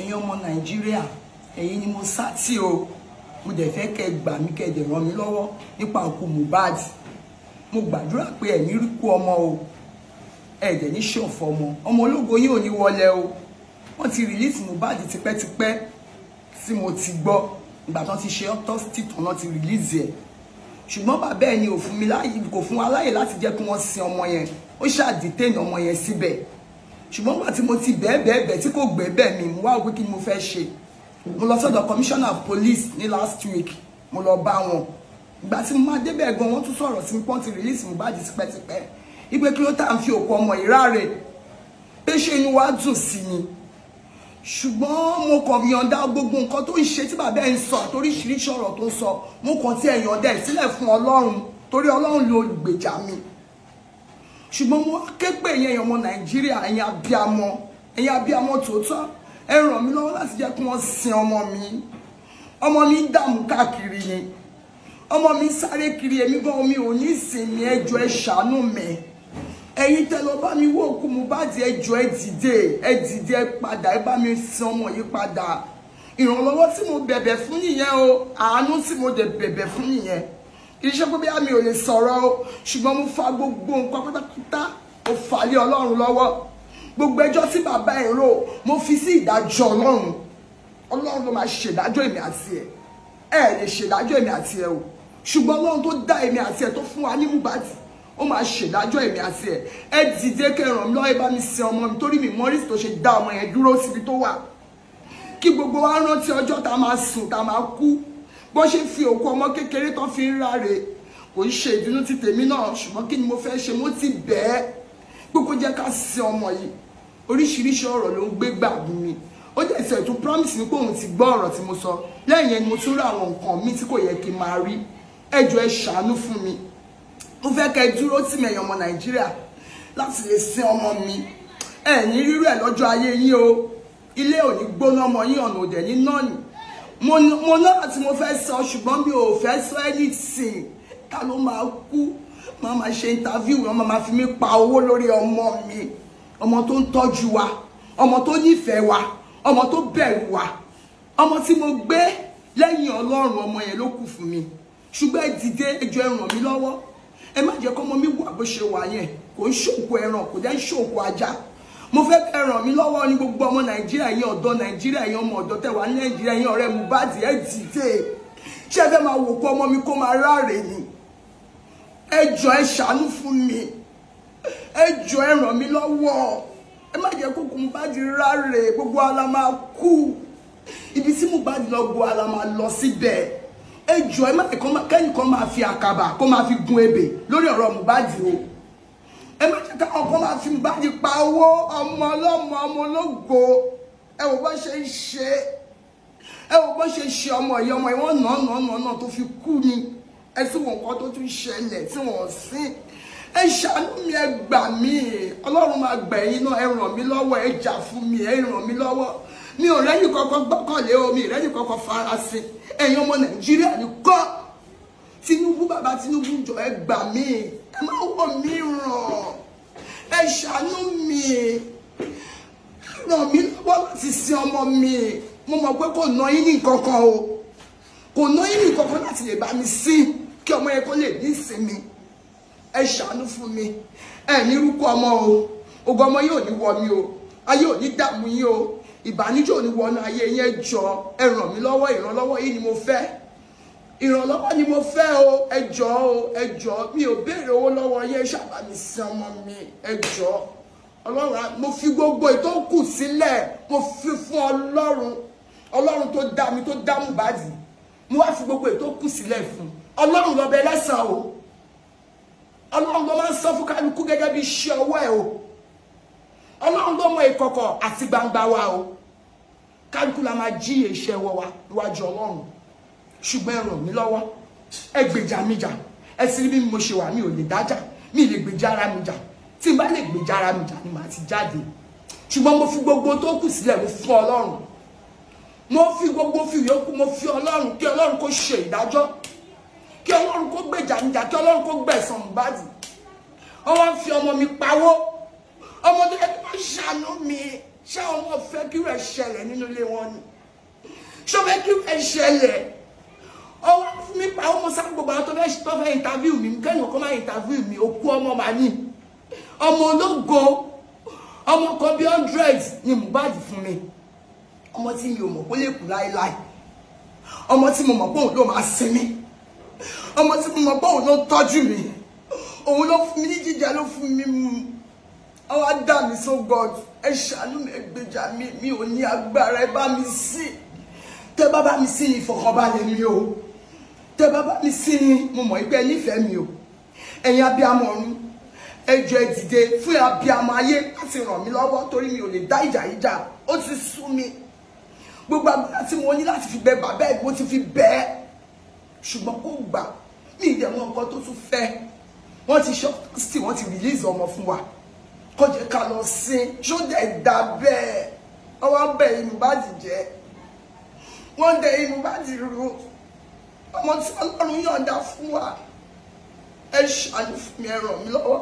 ẹ̀yin ọmọ nàìjíríà ẹ̀yin ni mo sá tí o mo dẹ̀ fẹ́ kẹ́ gbà mí kẹ́ dẹ̀ ràn mí lọ́wọ́ nípa òkú Mohbad mo gbàdúrà pé ẹ̀mí rí kú ọmọ o ẹ̀dẹ̀ ní ṣọ̀fọ̀ ọmọ ọmọ ológo yìí ò ní wọlé o wọ́n ti release Mohbad tipẹ́tipẹ́ tí mo ti gbọ́ ìgbà tán ti ṣe autopsy tán ti release ẹ̀ ṣùgbọ́n bàbá ẹ̀ ni kò fún wa láyè láti jẹ́ kí wọ́n sin ọmọ yẹn ó ṣáà ọmọ yẹn síbẹ̀ ṣùgbọ́n wà tí mo ti bẹ́ẹ̀ bẹ́ẹ̀ bẹ́ẹ̀ tí kò gbé bẹ́ẹ̀ mi mo wá òpin kí ni mo fẹ́ ṣe mo lọ sọ́dọ̀ commissioner of police ní last week mo lọ bá wọn ìgbà tí mo máa débẹ̀ gan wọ́n tún sọ̀rọ̀ sí mi pọ́n ti release mi báàjì tipẹ́tipẹ́ ipe kí ló tà ń fi òkú ọmọ ìráre pé ṣe inú wa dùn sí ni ṣùgbọ́n mo kàn yọ̀ǹda gbogbo nǹkan tó ń ṣe tí bàbá ẹ̀ ń sọ àtoríṣiríṣi ọ̀rọ̀ tó ń sọ mo kàn ti yọ̀ǹda ẹ̀ sílẹ̀ fún ọlọ́run torí ọlọ́run ló gbèjà mi ṣùgbọ́n mo képe yẹn ọmọ nàìjíríà ẹ̀yin abiyamọ ẹ̀yin abiyamọ tòótọ́ ẹ ràn mí lọ́wọ́ láti jẹ́ kí wọ́n sin ọmọ mi ọmọ mi ń dààmú káàkiri ni ọmọ mi sáré kiri èmi gan omi ò ní ìsinmi ẹjọ́ ẹ ṣàánú mi ẹ̀yin tẹ́ lọ bá mi wó òkú Mohbad ẹjọ́ ẹ dìde ẹ dìde ẹ padà ẹ bá mi sin ọmọ yìí padà ìrànlọ́wọ́ tí mo bẹ̀bẹ̀ fún nìyẹn o àánú tí mo dẹ̀ bẹ̀bẹ̀ fún nìyẹn iṣẹ́ pé bíyà mi ò lè sọ̀rọ̀ o ṣùgbọ́n mo fa gbogbo nǹkan pátápátá mo fà lé ọlọ́run lọ́wọ́ gbogbo ẹjọ́ tí bàbá ẹ̀ rò mo fi sí ìdájọ́ ọlọ́run ọlọ́run ló máa ṣèdájọ́ èmi àti ẹ̀ ẹ̀ lè ṣèdájọ́ èmi àti ẹ̀ o ṣùgbọ́n ọlọ́run tó dá èmi àti ẹ̀ tó fún wa ní mùbàtì ó máa ṣèdájọ́ èmi àti ẹ̀ ẹ dìde kẹràn lọ́ọ́ ẹ bá mi sin ọmọ mi torí mi mọ́rìsì tó ṣe dá ọmọ yẹn dúró síbi tó wà kí gbogbo wa rántí ọjọ́ tá a máa sùn tá a máa kú bó ṣe fi òkú ọmọ kékeré tán fi ń ráre kò ń ṣe ìdùnnú ti tèmi náà ṣùgbọ́n kí ni mo fẹ́ ṣe mo ti bẹ́ẹ̀ pé kó jẹ́ ká sin ọmọ yìí oríṣiríṣi ọ̀rọ̀ ló ń gbé gbà bú mi ó dẹ̀ sẹ̀ tún promise ni pé òun ti gbọ́ ọ̀rọ̀ tí mo sọ lẹ́yìn yẹn ni mo tún rí àwọn nǹkan mi tí kò yẹ kí n máa rí ẹ jọ̀ọ́ ẹ ṣàánú fún mi mo fẹ́ kẹ́ ẹ dúró tì mí ẹ̀yin ọmọ nàìjíríà láti lè sin ọmọ mi ẹ̀yin rírú ẹ̀ lọ́jọ́ ayé yín o ilé ò ní gbóná ọmọ yín ọ̀nà òdẹ̀ ní náà nì mo náà tí mo fẹ́ sọ ṣùgbọ́n mi ò fẹ́ sọ anything ta ló máa kú máa máa ṣe interview wọn máa fi mí pa owó lórí ọmọ mi ọmọ tó ń tọ́jú wa ọmọ tó nífẹ̀ẹ́ wa ọmọ tó bẹ̀rù wa ọmọ tí mo gbé lẹ́yìn ọlọ́run ọmọ yẹn ló kù fún mi ṣùgbọ́n ẹ dìde ẹjọ́ ẹ ràn mí lọ́wọ́ ẹ má jẹ́ kọ́mọ mi wà bó ṣe wà yẹn kò ń ṣòkò ẹran kò dẹ́ ń ṣòkò ajá mo fẹ́ kẹ́ ràn mí lọ́wọ́ ní gbogbo ọmọ nàìjíríà yẹn ọ̀dọ́ nàìjíríà yẹn ọmọ ọ̀dọ́ tẹ̀wá ní nàìjíríà yẹn ọ̀rẹ́ Mohbad ẹ̀ dìde ṣé ẹ fẹ́ máa wò kó ọmọ mi kó máa ráre ni ẹ jọ ẹ ṣàánú fún mi ẹ jọ ẹ ràn mí lọ́wọ́ ẹ má jẹ́ kókò Mohbad ráre gbogbo ala máa kú ibi tí Mohbad lọ gbogbo ala máa lọ síbẹ̀ ẹ jọ ẹ má kẹ́yìn kan máa fi àkàbà kó máa fi gun ebè lórí ọ̀rọ̀ Mohbad o ẹ̀mẹ́jì táwọn kan máa fi báyìí pa owó ọmọ ọlọ́mọ ọmọ ológo ẹ wò bá ṣe ń ṣe ẹ wò bá ṣe ṣe ọmọ ìyá ọmọ ìwọ̀n náà náà náà náà tó fi kú ni ẹ sì wọ̀n kan tó tún ṣẹlẹ̀ tí wọ́n sìn ẹ ṣàánú mi ẹ gbà mí ọlọ́run máa gbà yín náà ẹ ràn mí lọ́wọ́ ẹ jà fún mi ẹ ràn mí lọ́wọ́ mi ò rẹ́yìn kankan gbọ́kànlé o mi ìrẹ́yìn kankan farasin ẹ̀yin ọmọ nàìjíríà nìkan Tinubu bàbá Tinubu jọ ẹ gbà mí ẹ má wò mí ràn ẹ ṣàánú mi ràn mí lọ́wọ́ láti sin ọmọ mi mo mọ̀ pé kò ná yín ní kankan o kò ná yín kankan láti lè bá mi sí kí ọmọ yẹn kó lè ní ìsinmi ẹ ṣàánú fún mi ẹ ní rúkọ ọmọ o ogun ọmọ yóò ní wọ mi o ayé ò ní dààmú yín o ìbànújẹ́ ò ní wọnú ayé yẹn jọ ẹ ràn mí lọ́wọ́ ìrànlọ́wọ́ yìí ni mo fẹ́ ìrànlọ́wọ́ ni mo fẹ́ o ẹ jọ̀ọ́ o ẹ mi ò béèrè owó lọ́wọ́ yẹn ṣàbà mi san mi ẹ ọlọ́run mo fi gbogbo ètò kù sílẹ̀ mo fi fún ọlọ́run ọlọ́run tó dá mi tó dá Mohbad mo wá fi gbogbo ètò kù sílẹ̀ fún ọlọ́run lọ́bẹ̀ lẹ́sàn-án o ọlọ́run ló máa ń sọ fún kálukú gẹ́gẹ́ bí iṣẹ́ ọwọ́ ẹ̀ o ọlọ́run ló mọ ìkọ̀kọ̀ àti gbangba wa o kálukú la máa jíyè iṣẹ́ ọwọ́ wa níwájú ọlọ́run ṣùgbọ́n ẹ ràn mí lọ́wọ́ ẹ gbèjà mi jà ẹ sì rí bí mo ṣe wà mi ò lè dájà mi lè gbèjà ara mi jà tí n bá lè gbèjà ara mi jà ni màá ti jáde ṣùgbọ́n mo fi gbogbo tó kù sílẹ̀ mo fún ọlọ́run mo fi gbogbo fi yòókù mo fi ọlọ́run kí ọlọ́run kó ṣe ìdájọ́ kí ọlọ́run kó gbèjà mi jà kí ọlọ́run kó gbẹ̀san Mohbad ọwọ́ fi ọmọ mi pawó ọmọ tó yẹ kí wọ́n ṣàánú mi ṣé ọmọ fẹ́ kí rẹ̀ ṣẹlẹ̀ nínú ilé wọn ni ṣé ọmọ fẹ́ kí rẹ̀ ṣẹlẹ̀ ọwọ́ nípa ọmọ sáà gbogbo àwọn tó fẹ́ tó fẹ́ interview mi kẹ́yìn ọkọ máa interview mi òkú ọmọ màá ní ọmọ ológo ọmọ kan bí hundred ni Mohbad fún mi ọmọ tí mi ò mọ̀ kó lè kú láéláé ọmọ tí mo mọ̀ pé òun ló máa sinmi ọmọ tí mo mọ̀ pé òun ló tọ́jú mi òun ló fún mi ní jíjà ló fún mi mu ọwọ́ dà mí so God ẹ ṣàánú mi ẹ gbèjà mi mi ò ní agbára ẹ bá mi sí tẹ bá bá mi sí ìfọ̀kànbalẹ̀ mi o tẹ bàbá mi sí ni mo mọ̀ pé ẹ nífẹ̀ẹ́ mi o ẹ̀yin abiyamọ ọ̀run ẹjọ́ ẹ dìde fún abiyamọ ayé láti ràn mí lọ́wọ́ torí mi ò lè dá ìjà yìí jà ó ti sú mi gbogbo agbára tí mo ní láti fi bẹ bàbá ẹ̀ mo ti fi bẹ ẹ́ ṣùgbọ́n kò gbà mí ìdẹ̀wọ̀n nǹkan tó tún fẹ́ wọ́n ti ṣọ́ọ̀tì wọ́n ti rìlíìsì ọmọ fún wa kọjá ká lọ sin ṣódà ẹ̀dá bẹ́ẹ̀ wọ́n wá bẹ̀ inú bá ti jẹ́ wọ́n dẹ inú bá ti rú ọmọ tí ọlọ́run yọ̀ǹda fún wa ẹ ṣàánú fún mi ẹ ràn mí lọ́wọ́